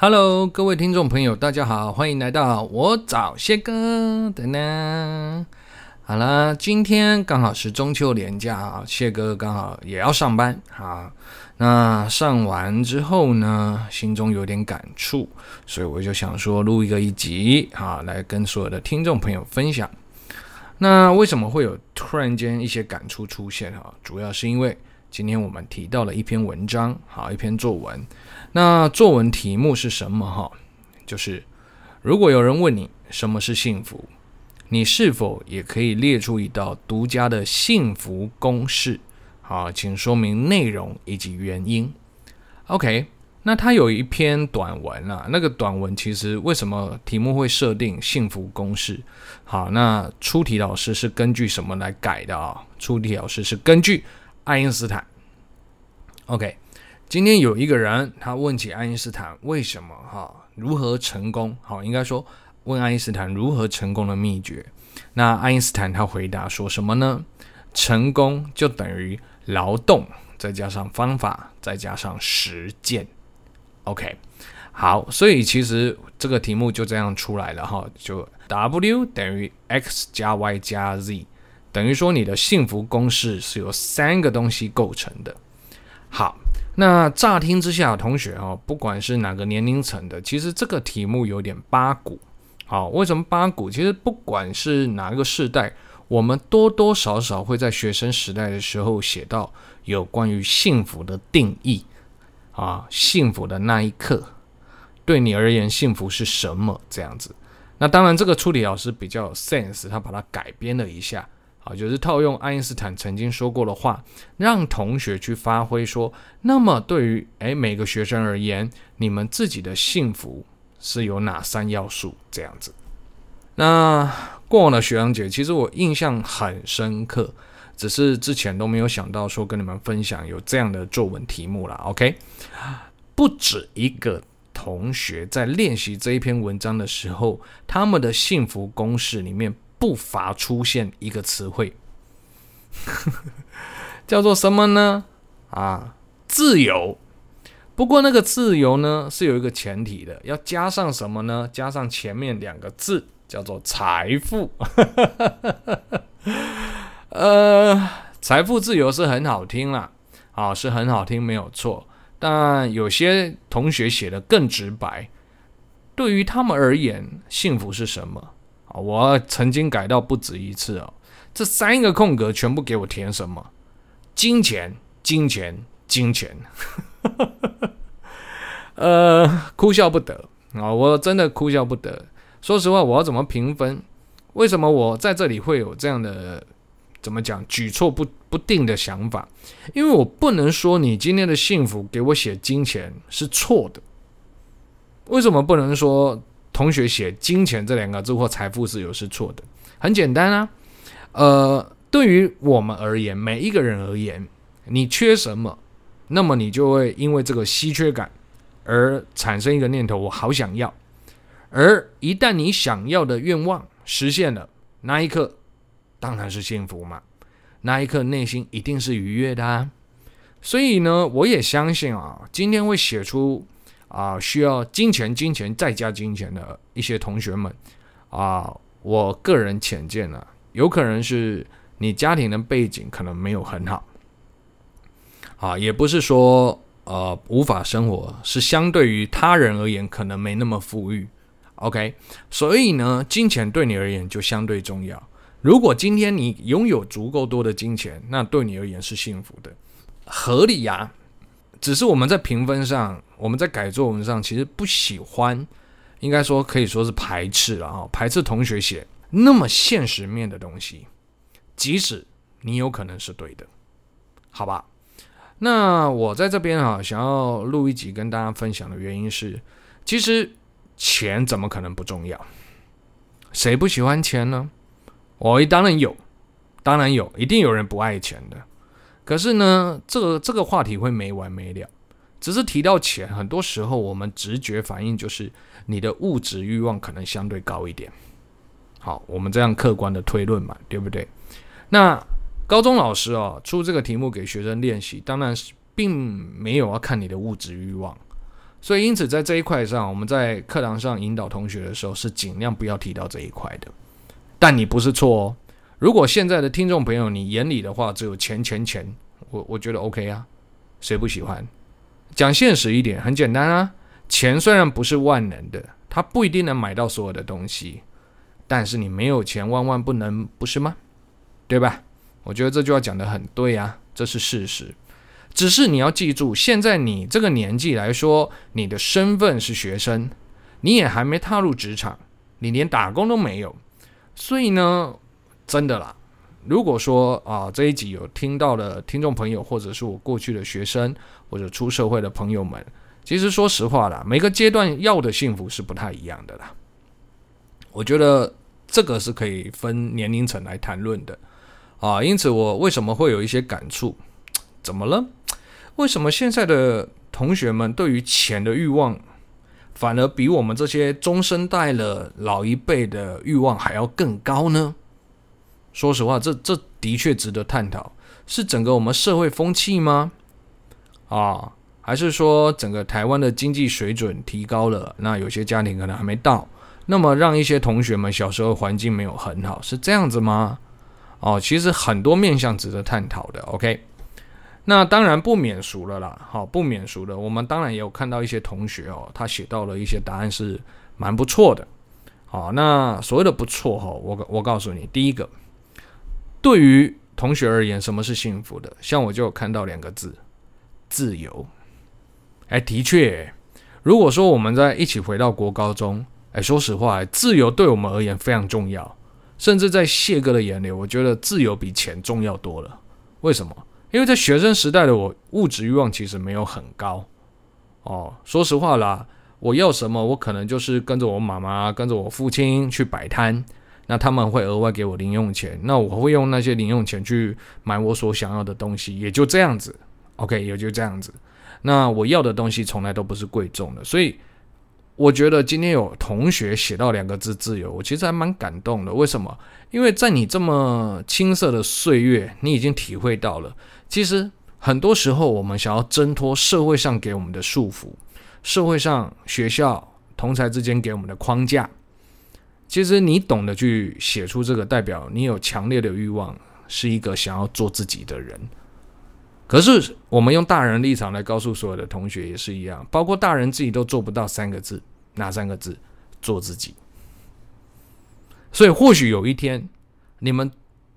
Hello，各位聽眾朋友，大家好，歡迎來到我找謝哥的呢。好了，今天剛好是中秋連假，謝哥剛好也要上班啊。那上完之後呢，心中有點感觸，所以我就想說錄一個一集啊，來跟所有的聽眾朋友分享。那為什麼會有突然間一些感觸出現啊？主要是因為。今天我們提到了一篇文章，好，一篇作文。那作文題目是什麼？哈，就是如果有人問你什麼是幸福，你是否也可以列出一道獨家的幸福公式？好，請說明內容以及原因。OK，那他有一篇短文啊，那個短文其實為什麼題目會設定幸福公式？好，那出題老師是根據什麼來改的啊？出題老師是根據。愛因斯坦，OK，今天有一個人他問起愛因斯坦為什麼哈、哦、如何成功，好、哦、應該說問愛因斯坦如何成功的秘訣。那愛因斯坦他回答說什麼呢？成功就等於勞動再加上方法再加上實踐。OK，好，所以其實這個題目就這樣出來了哈、哦，就 W 等於 X 加 Y 加 Z。等於說，你的幸福公式是由三個東西構成的。好，那乍聽之下，同學哦，不管是哪個年齡層的，其實這個題目有點八股。好、啊，為什麼八股？其實不管是哪個世代，我們多多少少會在學生時代的時候寫到有關於幸福的定義啊，幸福的那一刻，對你而言，幸福是什麼？這樣子。那當然，這個出題老師比較有 sense，他把它改編了一下。啊，就是套用愛因斯坦曾經說過的話，讓同學去發揮說。那麼，對於誒每個學生而言，你們自己的幸福是有哪三要素？這樣子。那過往的學長姐，其實我印象很深刻，只是之前都沒有想到說跟你們分享有這樣的作文題目啦。OK，不止一個同學在練習這一篇文章的時候，他們的幸福公式裡面。不乏出現一個詞彙， 叫做什麼呢？啊，自由。不過那個自由呢，是有一個前提的，要加上什麼呢？加上前面兩個字，叫做財富。 呃，財富自由是很好聽啦、啊，啊，是很好聽，沒有錯。但有些同學寫得更直白，對於他們而言，幸福是什麼？啊，我曾經改到不止一次哦，這三個空格全部給我填什麼？金錢、金錢、金錢！ 呃，哭笑不得啊、哦！我真的哭笑不得。說實話，我要怎麼評分？為什麼我在這裡會有這樣的，怎麼講舉措不不定的想法？因為我不能說你今天的幸福給我寫金錢是錯的。為什麼不能說？同學寫“金錢”這兩個字或“財富自由”是錯的，很簡單啊。呃，對於我們而言，每一個人而言，你缺什麼，那麼你就會因為這個稀缺感而產生一個念頭：我好想要。而一旦你想要的願望實現了，那一刻當然是幸福嘛，那一刻內心一定是愉悅的啊。所以呢，我也相信啊，今天會寫出。啊，需要金錢、金錢再加金錢的一些同學們，啊，我個人淺見了，有可能是你家庭的背景可能沒有很好，啊，也不是說呃無法生活，是相對於他人而言可能沒那麼富裕，OK，所以呢，金錢對你而言就相對重要。如果今天你擁有足夠多的金錢，那對你而言是幸福的，合理呀、啊。只是我們在評分上，我們在改作文上，其實不喜歡，應該說可以說是排斥了啊、哦，排斥同學寫那麼現實面的東西，即使你有可能是對的，好吧？那我在這邊啊、哦，想要錄一集跟大家分享的原因是，其實錢怎麼可能不重要？誰不喜歡錢呢？我、哦、當然有，當然有，一定有人不愛錢的。可是呢，這個這個話題會沒完沒了。只是提到錢，很多時候我們直覺反應就是你的物質慾望可能相對高一點。好，我們這樣客觀的推論嘛，對不對？那高中老師哦，出這個題目給學生練習，當然是並沒有要看你的物質慾望。所以因此在這一塊上，我們在課堂上引導同學的時候是盡量不要提到這一塊的。但你不是錯哦。如果現在的聽眾朋友，你眼裡的話只有錢錢錢，我我覺得 OK 啊，誰不喜歡？講現實一點，很簡單啊。錢雖然不是萬能的，它不一定能買到所有的東西，但是你沒有錢，萬萬不能，不是嗎？對吧？我覺得這句話講得很對啊，這是事實。只是你要記住，現在你這個年紀來說，你的身份是學生，你也還沒踏入職場，你連打工都沒有，所以呢？真的啦，如果說啊，這一集有聽到的聽眾朋友，或者是我過去的學生，或者出社會的朋友們，其實說實話啦，每個階段要的幸福是不太一樣的啦。我覺得這個是可以分年齡層來談論的，啊，因此我為什麼會有一些感觸？怎麼了？為什麼現在的同學們對於錢的欲望，反而比我們這些中生代了老一輩的欲望還要更高呢？說實話，這這的確值得探討，是整個我們社會風氣嗎？啊、哦，還是說整個台灣的經濟水準提高了？那有些家庭可能還沒到，那麼讓一些同學們小時候環境沒有很好，是這樣子嗎？哦，其實很多面向值得探討的。OK，那當然不免俗了啦，好，不免俗的，我們當然也有看到一些同學哦，他寫到了一些答案是蠻不錯的，好，那所謂的不錯哈、哦，我我告訴你，第一個。對於同學而言，什麼是幸福的？像我就看到兩個字，自由。哎，的確，如果說我們在一起回到國高中，哎，說實話，自由對我們而言非常重要。甚至在謝哥的眼裡，我覺得自由比錢重要多了。為什麼？因為在學生時代的我，物質欲望其實沒有很高。哦，說實話啦，我要什麼，我可能就是跟着我媽媽，跟着我父親去擺攤。那他們會額外給我零用錢，那我會用那些零用錢去買我所想要的東西，也就這樣子。OK，也就這樣子。那我要的東西從來都不是貴重的，所以我覺得今天有同學寫到兩個字“自由”，我其實還蠻感動的。為什麼？因為在你這麼青澀的歲月，你已經體會到了，其實很多時候我們想要掙脫社會上給我們的束縛，社會上、學校、同儕之間給我們的框架。其實你懂得去寫出這個，代表你有強烈的慾望，是一個想要做自己的人。可是我們用大人立場來告訴所有的同學也是一樣，包括大人自己都做不到三個字，哪三個字？做自己。所以或許有一天，你們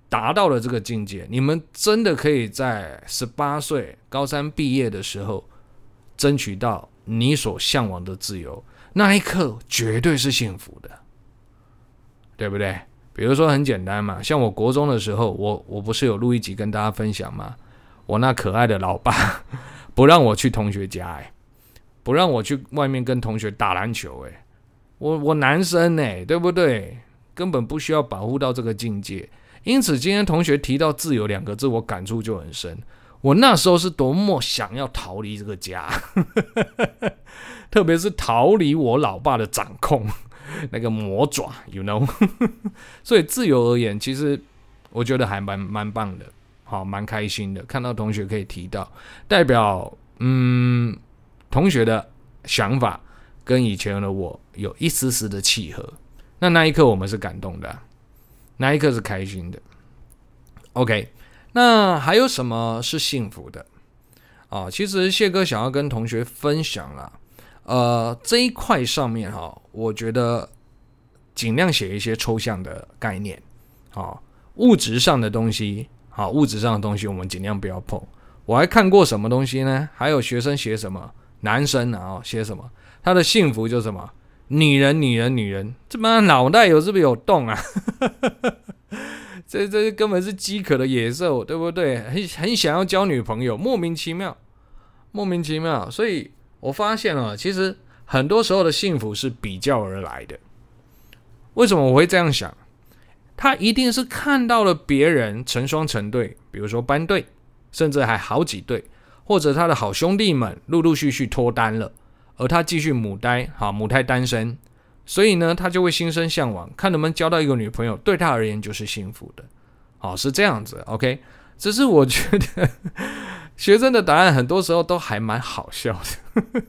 達到了這個境界，你們真的可以在十八歲高三畢業的時候，爭取到你所嚮往的自由，那一刻絕對是幸福的。對不對？比如說很簡單嘛，像我國中的時候，我我不是有錄一集跟大家分享嗎？我那可愛的老爸不讓我去同學家欸，不讓我去外面跟同學打籃球欸，我我男生欸？對不對？根本不需要保護到這個境界。因此今天同學提到“自由”兩個字，我感觸就很深。我那時候是多麼想要逃離這個家， 特別是逃離我老爸的掌控。那個魔爪，you know， 所以自由而言，其實我覺得還蠻蠻棒的，好，蠻開心的。看到同學可以提到代表，嗯，同學的想法跟以前的我有一絲絲的契合，那那一刻我們是感動的、啊，那一刻是開心的。OK，那還有什麼是幸福的？哦，其實謝哥想要跟同學分享啦、啊。呃，這一塊上面哈、哦，我覺得盡量寫一些抽象的概念，好，哦，物質上的東西，好，哦，物質上的東西我們盡量不要碰。我還看過什麼東西呢？還有學生寫什麼，男生啊，哦，寫什麼，他的幸福就是什麼，女人，女人，女人，這媽的腦袋有是不是有洞啊？ 這這根本是飢渴的野獸，對不對？很很想要交女朋友，莫名其妙，莫名其妙，所以。我發現了、啊，其實很多時候的幸福是比較而來的。為什麼我會這樣想？他一定是看到了別人成雙成對，比如說班對，甚至還好幾對，或者他的好兄弟們陸陸續續脫單了，而他繼續母胎。哈，母胎單身，所以呢，他就會心生向往，看能不能交到一個女朋友，對他而言就是幸福的。好，是這樣子。OK，只是我覺得。學生的答案很多時候都還蠻好笑的，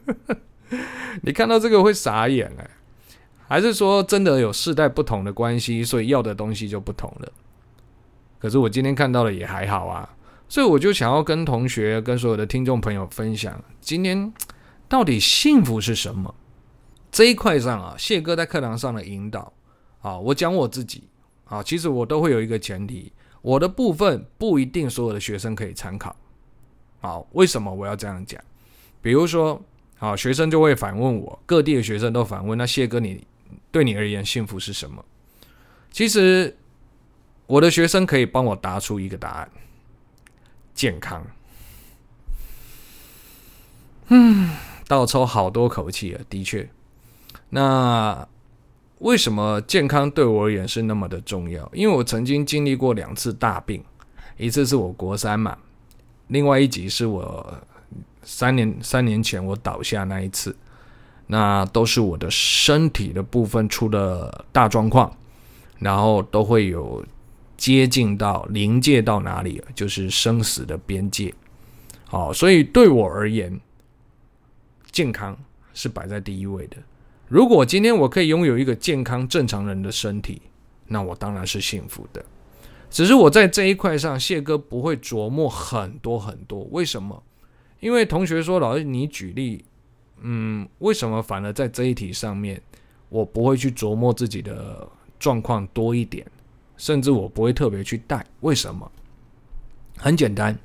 你看到這個會傻眼哎，還是說真的有世代不同的關係，所以要的東西就不同了？可是我今天看到了也還好啊，所以我就想要跟同學、跟所有的聽眾朋友分享，今天到底幸福是什麼這一塊上啊，謝哥在課堂上的引導啊，我講我自己啊，其實我都會有一個前提，我的部分不一定所有的學生可以參考。好，為什麼我要這樣講？比如說，好學生就會反問我，各地的學生都反問，那謝哥你，你對你而言幸福是什麼？其實，我的學生可以幫我答出一個答案：健康。嗯，倒抽好多口氣啊，的確。那為什麼健康對我而言是那麼的重要？因為我曾經經歷過兩次大病，一次是我國三嘛。另外一集是我三年三年前我倒下那一次，那都是我的身體的部分出了大狀況，然後都會有接近到臨界到哪裡，就是生死的邊界。哦，所以對我而言，健康是擺在第一位的。如果今天我可以擁有一個健康正常人的身體，那我當然是幸福的。只是我在這一塊上，謝哥不會琢磨很多很多。為什麼？因為同學說老師，你舉例，嗯，為什麼反而在這一題上面，我不會去琢磨自己的狀況多一點，甚至我不會特別去帶？為什麼？很簡單，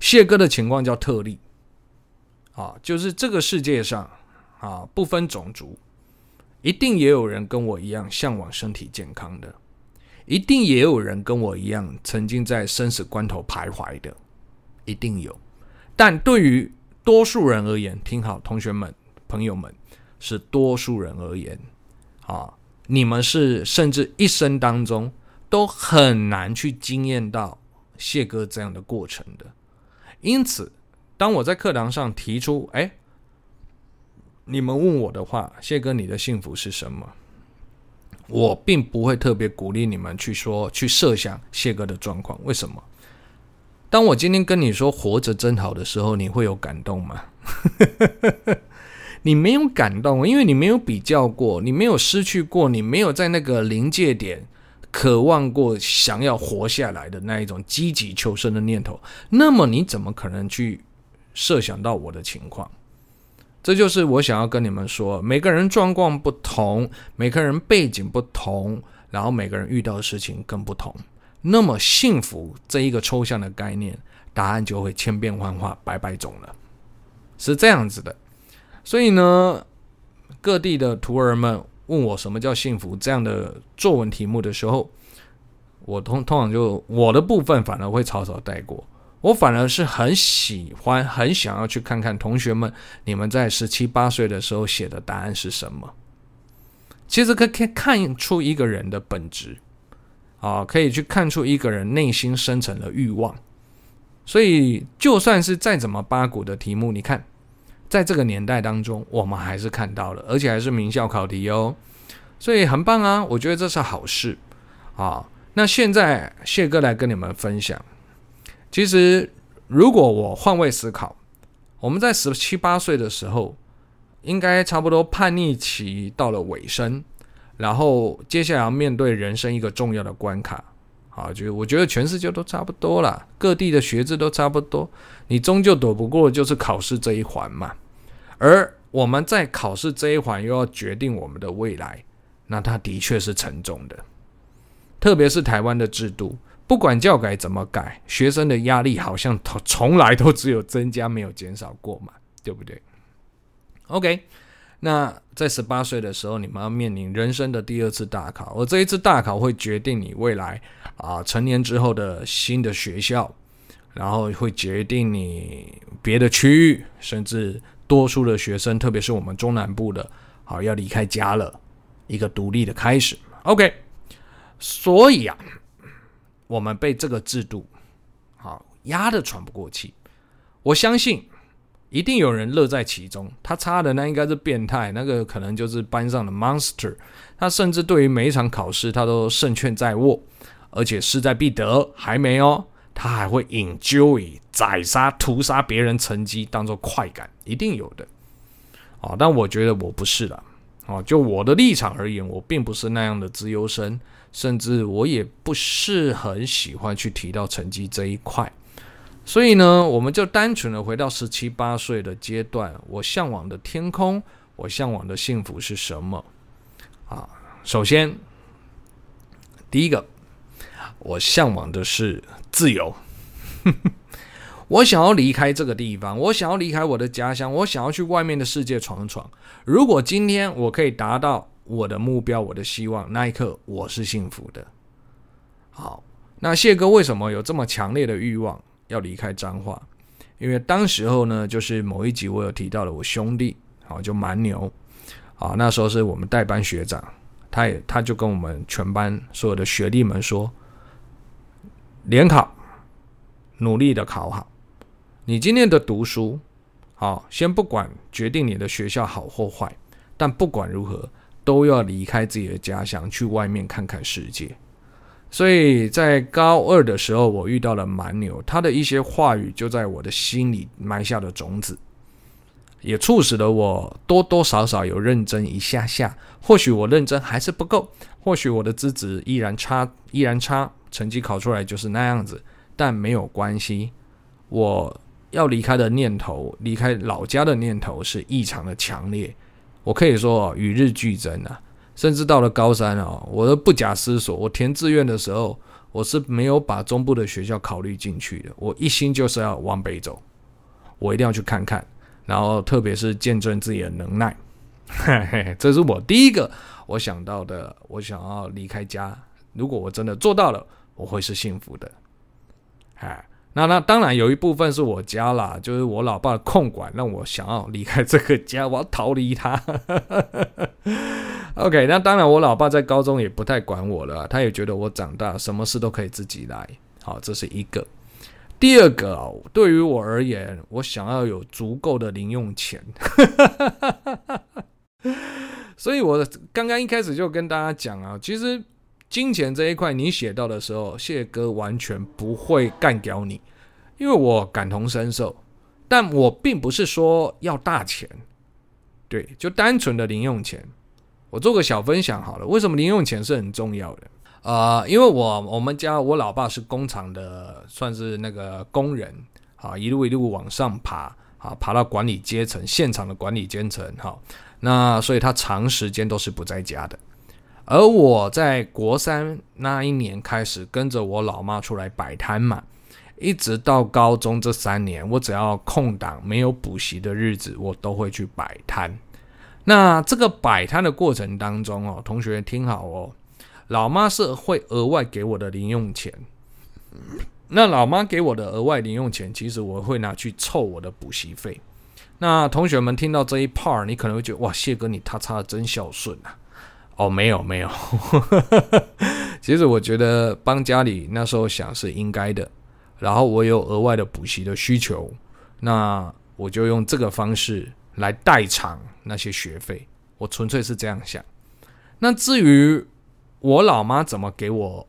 謝哥的情況叫特例，啊，就是這個世界上啊，不分種族，一定也有人跟我一樣嚮往身體健康的。一定也有人跟我一樣，曾經在生死關頭徘徊的，一定有。但對於多數人而言，聽好，同學們、朋友們，是多數人而言，啊，你們是甚至一生當中都很難去經驗到謝哥這樣的過程的。因此，當我在課堂上提出，哎，你們問我的話，謝哥，你的幸福是什麼？我並不會特別鼓勵你們去說、去設想謝哥的狀況。為什麼？當我今天跟你說“活着真好”的時候，你會有感動嗎？ 你沒有感動，因為你沒有比較過，你沒有失去過，你沒有在那個臨界點渴望過想要活下來的那一種積極求生的念頭。那麼，你怎麼可能去設想到我的情況？這就是我想要跟你們說，每個人狀況不同，每個人背景不同，然後每個人遇到的事情更不同。那麼幸福這一個抽象的概念，答案就會千變萬化，百百種了，是這樣子的。所以呢，各地的徒兒們問我什麼叫幸福這樣的作文題目的時候，我通通常就我的部分反而會草草帶過。我反而是很喜歡，很想要去看看同學們，你們在十七八歲的時候寫的答案是什麼？其實可可以看出一個人的本質，啊，可以去看出一個人內心深層的欲望。所以，就算是再怎麼八股的題目，你看，在這個年代當中，我們還是看到了，而且還是名校考題哦，所以很棒啊！我覺得這是好事啊。那現在謝哥來跟你們分享。其實，如果我換位思考，我們在十七八歲的時候，應該差不多叛逆期到了尾聲，然後接下來要面對人生一個重要的關卡。啊，就我覺得全世界都差不多了，各地的學制都差不多，你終究躲不過就是考試這一環嘛。而我們在考試這一環又要決定我們的未來，那它的確是沉重的，特別是台灣的制度。不管教改怎麼改，學生的壓力好像從來都只有增加，沒有減少過嘛，對不對？OK，那在十八歲的時候，你們要面臨人生的第二次大考，而這一次大考會決定你未來啊、呃、成年之後的新的學校，然後會決定你別的區域，甚至多數的學生，特別是我們中南部的啊、呃，要離開家了，一個獨立的開始。OK，所以啊。我們被這個制度，好壓得喘不過氣。我相信一定有人樂在其中。他差的那應該是變態，那個可能就是班上的 monster。他甚至對於每一場考試，他都勝券在握，而且勢在必得。還沒哦，他還會 enjoy 宰殺、屠殺別人成績當做快感，一定有的。哦，但我覺得我不是了。哦，就我的立場而言，我並不是那樣的資優生。甚至我也不是很喜歡去提到成績這一塊，所以呢，我們就單純的回到十七八歲的階段，我嚮往的天空，我嚮往的幸福是什麼？啊，首先，第一個，我嚮往的是自由，我想要離開這個地方，我想要離開我的家鄉，我想要去外面的世界闖闖。如果今天我可以達到。我的目標，我的希望，那一刻我是幸福的。好，那謝哥為什麼有這麼強烈的欲望要離開彰化？因為當時候呢，就是某一集我有提到了，我兄弟啊，就蠻牛啊，那時候是我們代班學長，他也他就跟我們全班所有的學弟們說，聯考努力的考好，你今天的讀書，好，先不管決定你的學校好或壞，但不管如何，都要離開自己的家鄉，去外面看看世界。所以在高二的時候，我遇到了蠻牛，他的一些話語就在我的心裡埋下了種子，也促使了我多多少少有認真一下下。或許我認真還是不夠，或許我的資質依然差，依然差，成績考出來就是那樣子。但沒有關係，我要離開的念頭，離開老家的念頭是異常的強烈。我可以說，哦，與日俱增啊，甚至到了高三啊，哦，我都不假思索。我填志願的時候，我是沒有把中部的學校考慮進去的。我一心就是要往北走，我一定要去看看，然後特別是見證自己的能耐，呵呵。這是我第一個我想到的，我想要離開家。如果我真的做到了，我會是幸福的，那那當然有一部分是我家啦，就是我老爸的控管讓我想要離開這個家，我要逃離他。 OK，那當然我老爸在高中也不太管我了，啊，他也覺得我長大什麼事都可以自己來。好，這是一個。第二個，啊，對於我而言，我想要有足夠的零用錢， 所以我剛剛一開始就跟大家講啊，其實。金錢這一塊，你寫到的時候，謝哥完全不會幹掉你，因為我感同身受。但我並不是說要大錢，對，就單純的零用錢。我做個小分享好了。為什麼零用錢是很重要的？啊、呃，因為我我們家我老爸是工廠的，算是那個工人啊，一路一路往上爬啊，爬到管理階層，現場的管理階層哈。那所以他長時間都是不在家的。而我在國三那一年開始跟着我老媽出來擺攤嘛，一直到高中這三年，我只要空檔沒有補習的日子，我都會去擺攤。那這個擺攤的過程當中哦，同學聽好哦，老媽是會額外給我的零用錢。那老媽給我的額外零用錢，其實我會拿去湊我的補習費。那同學們聽到這一 part，你可能會覺得哇，謝哥你他擦的真孝順啊！哦，沒有沒有呵呵，其實我覺得幫家裡那時候想是應該的，然後我有額外的補習的需求，那我就用這個方式來代償那些學費。我純粹是這樣想。那至於我老媽怎麼給我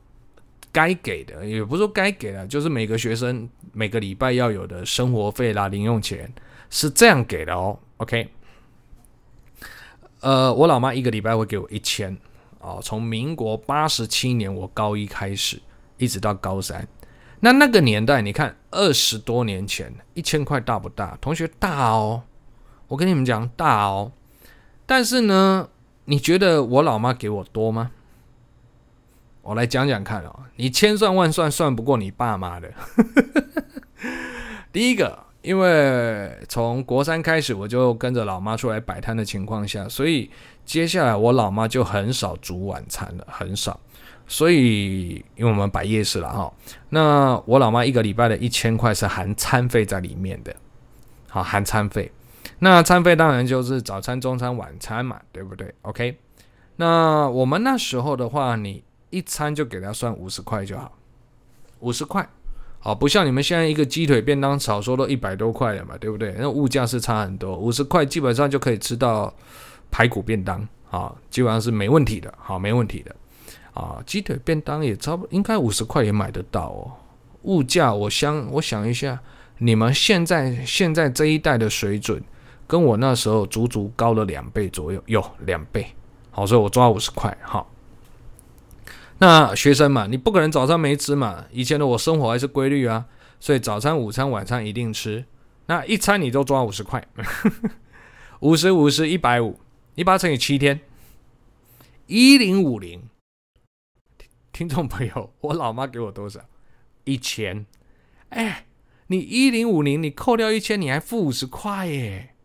該給的，也不是說該給的，就是每個學生每個禮拜要有的生活費啦、零用錢是這樣給的哦。OK。呃，我老媽一個禮拜會給我一千，哦，從民國八十七年我高一開始，一直到高三，那那個年代，你看二十多年前，一千塊大不大？同學，大哦，我跟你們講，大哦，但是呢，你覺得我老媽給我多嗎？我來講講看哦，你千算萬算算不過你爸媽的， 第一個。因為從國三開始，我就跟着老媽出來擺攤的情況下，所以接下來我老媽就很少煮晚餐了，很少。所以，因為我們擺夜市了哈、哦，那我老媽一個禮拜的一千塊是含餐費在裡面的，好，含餐費。那餐費當然就是早餐、中餐、晚餐嘛，對不對？OK，那我們那時候的話，你一餐就給他算五十塊就好，五十塊。啊，不像你們現在一個雞腿便當少說都一百多塊了嘛，對不對？那物價是差很多，五十塊基本上就可以吃到排骨便當啊，基本上是沒問題的，好，沒問題的，啊，雞腿便當也差不多，應該五十塊也買得到哦。物價我想，我想一下，你們現在現在這一代的水準，跟我那時候足足高了兩倍左右，有兩倍，好，所以我抓五十塊，哈。那學生嘛，你不可能早餐沒吃嘛。以前的我生活還是規律啊，所以早餐、午餐、晚餐一定吃。那一餐你都抓五十塊，五十、五十、一百五，你把它乘以七天，一零五零。聽眾朋友，我老媽給我多少？一千。哎，你一零五零，你扣掉一千，你還付五十塊耶。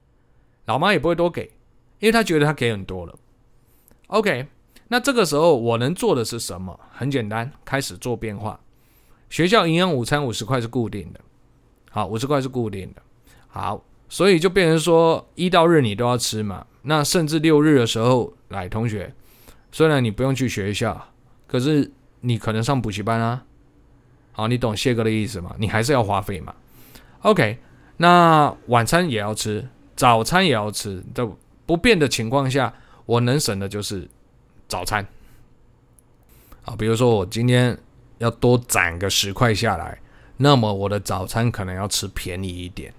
老媽也不會多給，因為她覺得她給很多了。OK。那這個時候我能做的是什麼？很簡單，開始做變化。學校營養午餐五十塊是固定的，好，五十塊是固定的，好，所以就變成說一到日你都要吃嘛。那甚至六日的時候，來，同學，雖然你不用去學校，可是你可能上補習班啊，好，你懂謝哥的意思嗎？你還是要花費嘛。OK，那晚餐也要吃，早餐也要吃，都不變的情況下，我能省的就是。早餐，啊，比如說我今天要多攢個十塊下來，那麼我的早餐可能要吃便宜一點。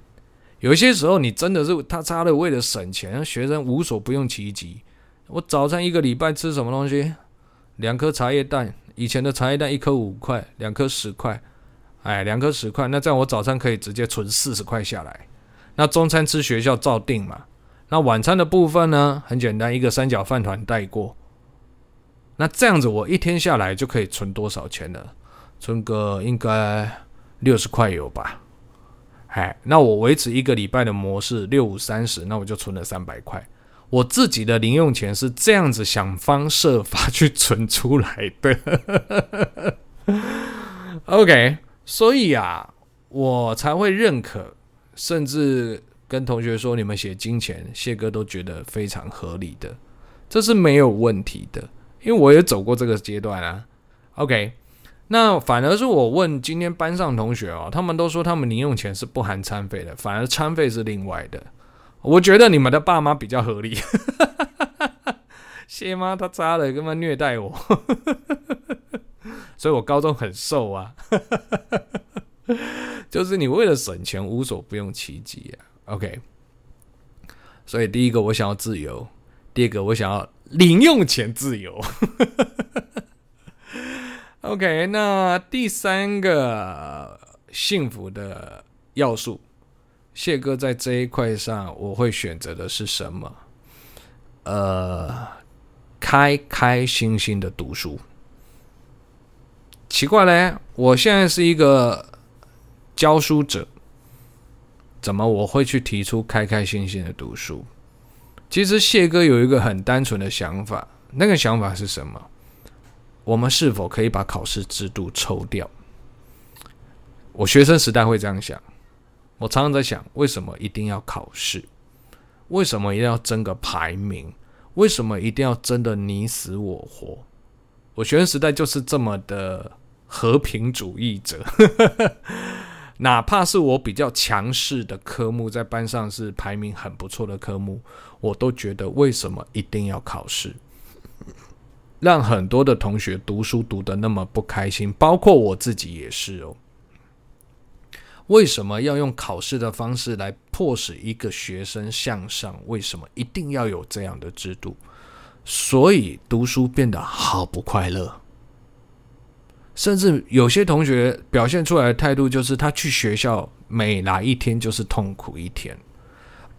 有些時候，你真的是他擦的為了省錢，學生無所不用其極。我早餐一個禮拜吃什麼東西？兩顆茶葉蛋，以前的茶葉蛋一顆五塊，兩顆十塊，哎，兩顆十塊，那這樣我早餐可以直接存四十塊下來。那中餐吃學校照訂嘛。那晚餐的部分呢，很簡單，一個三角飯糰帶過。那這樣子，我一天下來就可以存多少錢了？存個應該六十塊有吧？哎，那我維持一個禮拜的模式，六五三十，那我就存了三百塊。我自己的零用錢是這樣子想方設法去存出來的。 OK，所以啊，我才會認可，甚至跟同學說，你們寫金錢，謝哥都覺得非常合理的，這是沒有問題的。因為我也走過這個階段啊，OK，那反而是我問今天班上同學哦，他們都說他們零用錢是不含餐費的，反而餐費是另外的。我覺得你們的爸媽比較合理，哈哈哈，謝媽他渣了，根本虐待我， 所以我高中很瘦啊，哈哈哈，就是你為了省錢無所不用其極啊，OK，所以第一個我想要自由，第二個我想要。零用錢自由 ，OK。那第三個幸福的要素，謝哥在這一塊上，我會選擇的是什麼？呃，開開心心的讀書。奇怪嘞，我現在是一個教書者，怎麼我會去提出開開心心的讀書？其實謝哥有一個很單純的想法，那個想法是什麼？我們是否可以把考試制度抽掉？我學生時代會這樣想，我常常在想，為什麼一定要考試？為什麼一定要爭個排名？為什麼一定要爭得你死我活？我學生時代就是這麼的和平主義者， 哪怕是我比較強勢的科目，在班上是排名很不錯的科目。我都覺得，為什麼一定要考試？讓很多的同學讀書讀得那麼不開心，包括我自己也是哦。為什麼要用考試的方式來迫使一個學生向上？為什麼一定要有這樣的制度？所以讀書變得好不快樂，甚至有些同學表現出來的態度就是，他去學校每來一天就是痛苦一天。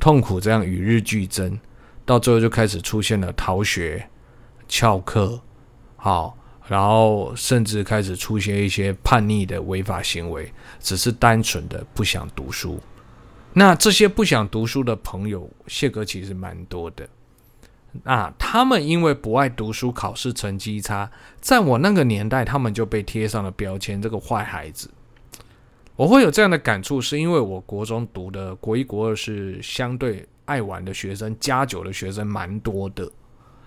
痛苦這樣與日俱增，到最後就開始出現了逃學、翹課，好、哦，然後甚至開始出現一些叛逆的違法行為，只是單純的不想讀書。那這些不想讀書的朋友，謝哥其實蠻多的。啊，他們因為不愛讀書、考試成績差，在我那個年代，他們就被貼上了標籤——這個壞孩子。我會有這樣的感觸，是因為我國中讀的國一、國二是相對愛玩的學生，加久的學生蠻多的，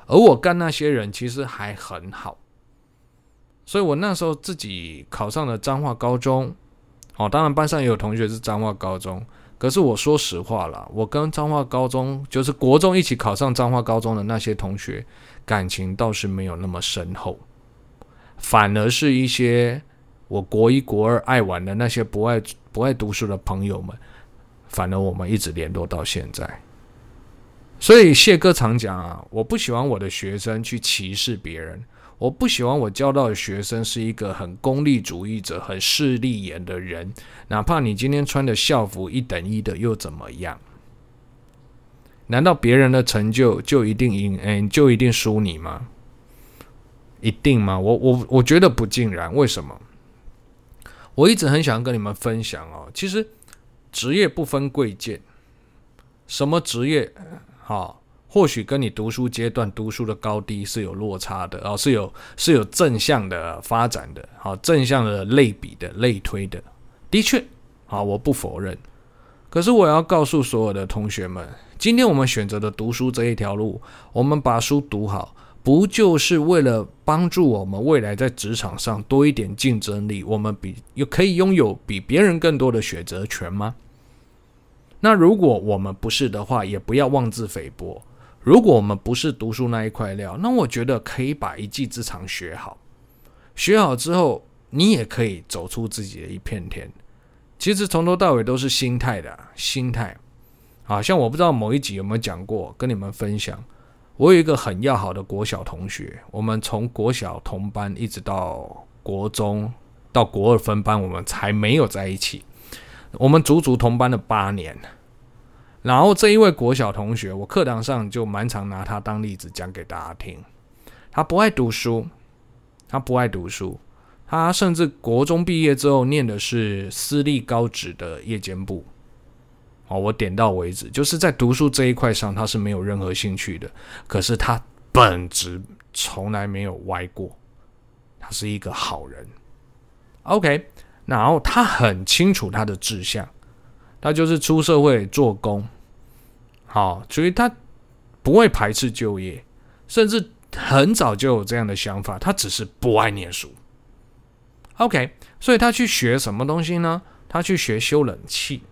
而我跟那些人其實還很好。所以我那時候自己考上了彰化高中，哦，當然班上也有同學是彰化高中，可是我說實話了，我跟彰化高中就是國中一起考上彰化高中的那些同學感情倒是沒有那麼深厚，反而是一些，我國一國二愛玩的那些不愛不愛讀書的朋友們，反而我們一直聯絡到現在。所以謝哥常講啊，我不喜歡我的學生去歧視別人，我不喜歡我教到的學生是一個很功利主義者、很勢利眼的人。哪怕你今天穿的校服一等一的，又怎麼樣？難道別人的成就就一定贏？嗯、哎，就一定輸你嗎？一定嗎？我我我覺得不盡然。為什麼？我一直很想跟你們分享哦，其實職業不分貴賤，什麼職業好、哦，或許跟你讀書階段讀書的高低是有落差的哦，是有是有正向的發展的，好、哦、正向的類比的類推的，的確，好、哦、我不否認。可是我要告訴所有的同學們，今天我們選擇的讀書這一條路，我們把書讀好。不就是為了幫助我們未來在職場上多一點競爭力，我們比可以擁有比別人更多的選擇權嗎？那如果我們不是的話，也不要妄自菲薄。如果我們不是讀書那一塊料，那我覺得可以把一技之長學好。學好之後，你也可以走出自己的一片天。其實從頭到尾都是心態的，心態。好像我不知道某一集有沒有講過，跟你們分享。我有一個很要好的國小同學，我們從國小同班一直到國中，到國二分班，我們才沒有在一起。我們足足同班了八年。然後這一位國小同學，我課堂上就蠻常拿他當例子講給大家聽。他不愛讀書，他不愛讀書，他甚至國中畢業之後唸的是私立高職的夜間部。哦，我點到為止，就是在讀書這一塊上，他是沒有任何興趣的。可是他本質從來沒有歪過，他是一個好人。OK，然後他很清楚他的志向，他就是出社會做工。好、哦，所以他不會排斥就業，甚至很早就有這樣的想法，他只是不愛唸書。OK，所以他去學什麼東西呢？他去學修冷氣。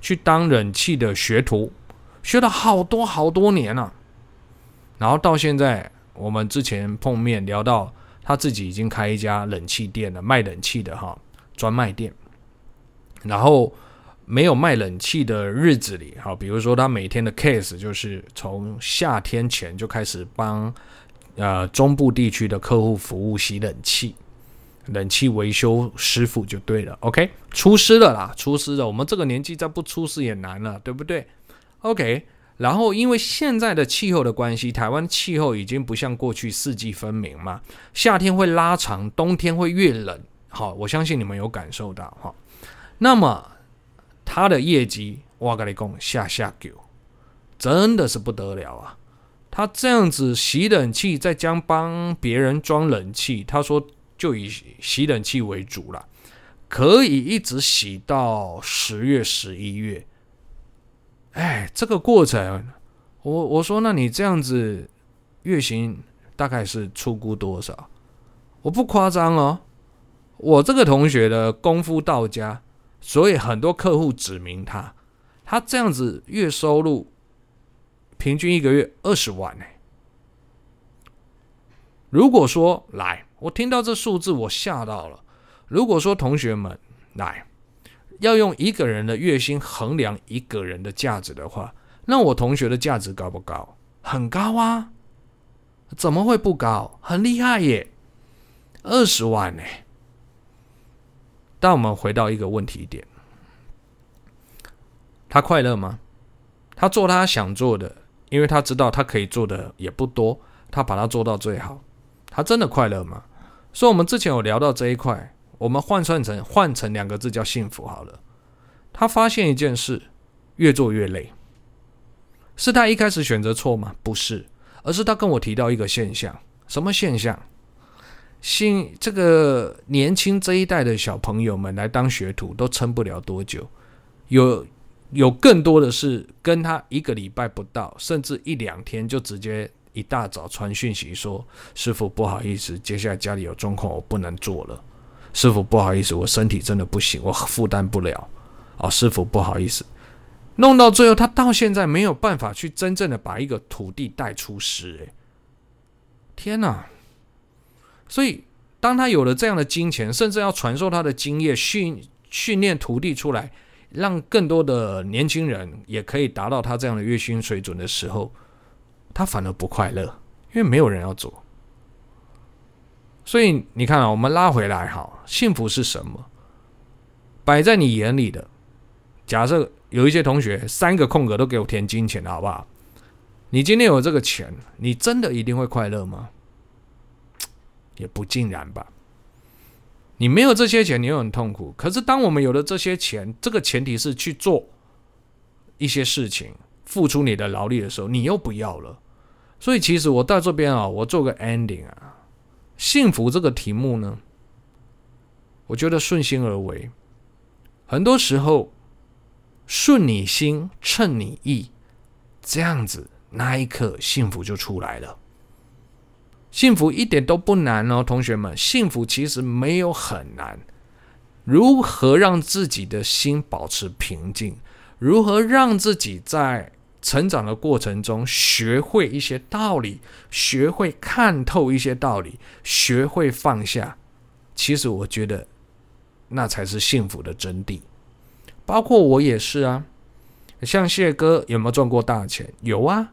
去當冷氣的學徒，學了好多好多年了啊，然後到現在，我們之前碰面聊到，他自己已經開一家冷氣店了，賣冷氣的哈，專賣店。然後沒有賣冷氣的日子裡，好，比如說他每天的 case 就是從夏天前就開始幫呃中部地區的客戶服務洗冷氣。冷氣維修師傅就對了，OK，出師了啦，出師了。我們這個年紀再不出師也難了，對不對？OK，然後因為現在的氣候的關係，台灣氣候已經不像過去四季分明嘛，夏天會拉長，冬天會越冷。好，我相信你們有感受到哈、哦。那麼他的業績我跟你講嚇嚇叫，真的是不得了啊！他這樣子洗冷氣，再將幫別人裝冷氣，他說。就以洗冷氣為主了，可以一直洗到十月、十一月。哎，這個過程我，我我說，那你這樣子月薪大概是初估多少？我不誇張哦，我這個同學的功夫到家，所以很多客戶指名他，他這樣子月收入平均一個月二十萬呢、哎。如果說來。我聽到這數字，我嚇到了。如果說同學們來要用一個人的月薪衡量一個人的價值的話，那我同學的價值高不高？很高啊！怎麼會不高？很厲害耶，二十萬呢！但我們回到一個問題點：他快樂嗎？他做他想做的，因為他知道他可以做的也不多，他把它做到最好。他真的快樂嗎？所以，我們之前有聊到這一塊，我們換算成換成兩個字叫幸福好了。他發現一件事，越做越累。是他一開始選擇錯嗎？不是，而是他跟我提到一個現象，什麼現象？新這個年輕這一代的小朋友們來當學徒都撐不了多久，有有更多的是跟他一個禮拜不到，甚至一兩天就直接。一大早傳訊息說：“師傅，不好意思，接下來家裡有狀況，我不能做了。師傅，不好意思，我身體真的不行，我負擔不了。哦，師傅，不好意思。”弄到最後，他到現在沒有辦法去真正的把一個徒弟帶出師。哎，天哪！所以，當他有了這樣的金錢，甚至要傳授他的經驗，訓訓練徒弟出來，讓更多的年輕人也可以達到他這樣的月薪水準的時候。他反而不快樂，因為沒有人要做。所以你看啊，我們拉回來哈，幸福是什麼？擺在你眼裡的。假設有一些同學三個空格都給我填金錢好不好？你今天有這個錢，你真的一定會快樂嗎？也不盡然吧。你沒有這些錢，你又很痛苦。可是當我們有了這些錢，這個前提是去做一些事情，付出你的勞力的時候，你又不要了。所以，其實我到這邊啊、哦，我做個 ending 啊。幸福這個題目呢，我覺得順心而為，很多時候順你心，稱你意，這樣子，那一刻幸福就出來了。幸福一點都不難哦，同學們，幸福其實沒有很難。如何讓自己的心保持平靜？如何讓自己在？成長的過程中，學會一些道理，學會看透一些道理，學會放下。其實，我覺得那才是幸福的真諦。包括我也是啊。像謝哥有沒有賺過大錢？有啊。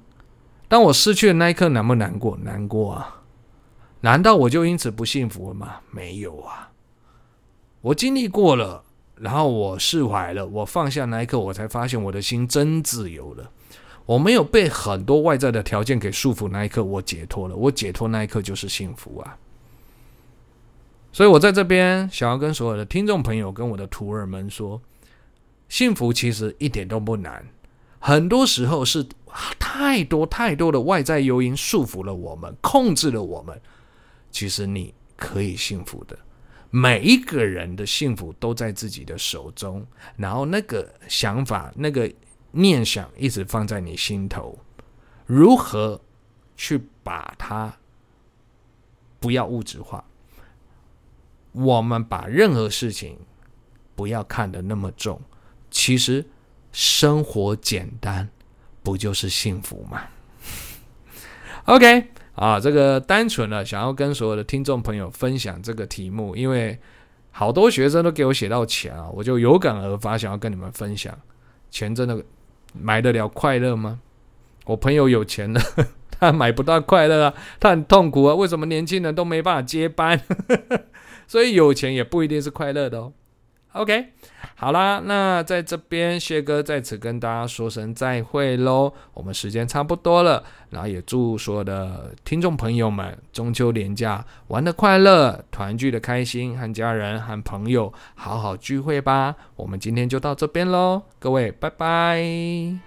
當我失去的那一刻，難不難過？難過啊。難道我就因此不幸福了嗎？沒有啊。我經歷過了，然後我釋懷了，我放下那一刻，我才發現我的心真自由了。我沒有被很多外在的條件給束縛，那一刻我解脫了。我解脫那一刻就是幸福啊！所以我在這邊想要跟所有的聽眾朋友、跟我的徒兒們說，幸福其實一點都不難。很多時候是太多太多的外在誘因束縛了我們、控制了我們。其實你可以幸福的，每一個人的幸福都在自己的手中。然後那個想法，那個，念想一直放在你心頭，如何去把它不要物質化？我們把任何事情不要看得那麼重，其實生活簡單不就是幸福嗎 ？OK 啊，這個單純的想要跟所有的聽眾朋友分享這個題目，因為好多學生都給我寫到錢啊，我就有感而發，想要跟你們分享錢真的。買得了快樂嗎？我朋友有錢了，呵呵，他買不到快樂啊，他很痛苦啊。為什麼年輕人都沒辦法接班呵呵？所以有錢也不一定是快樂的哦。OK，好啦，那在這邊，謝哥在此跟大家說聲再會咯。我們時間差不多了，然後也祝所有的聽眾朋友們中秋連假玩得快樂，團聚得開心，和家人和朋友好好聚會吧。我們今天就到這邊咯。各位，拜拜。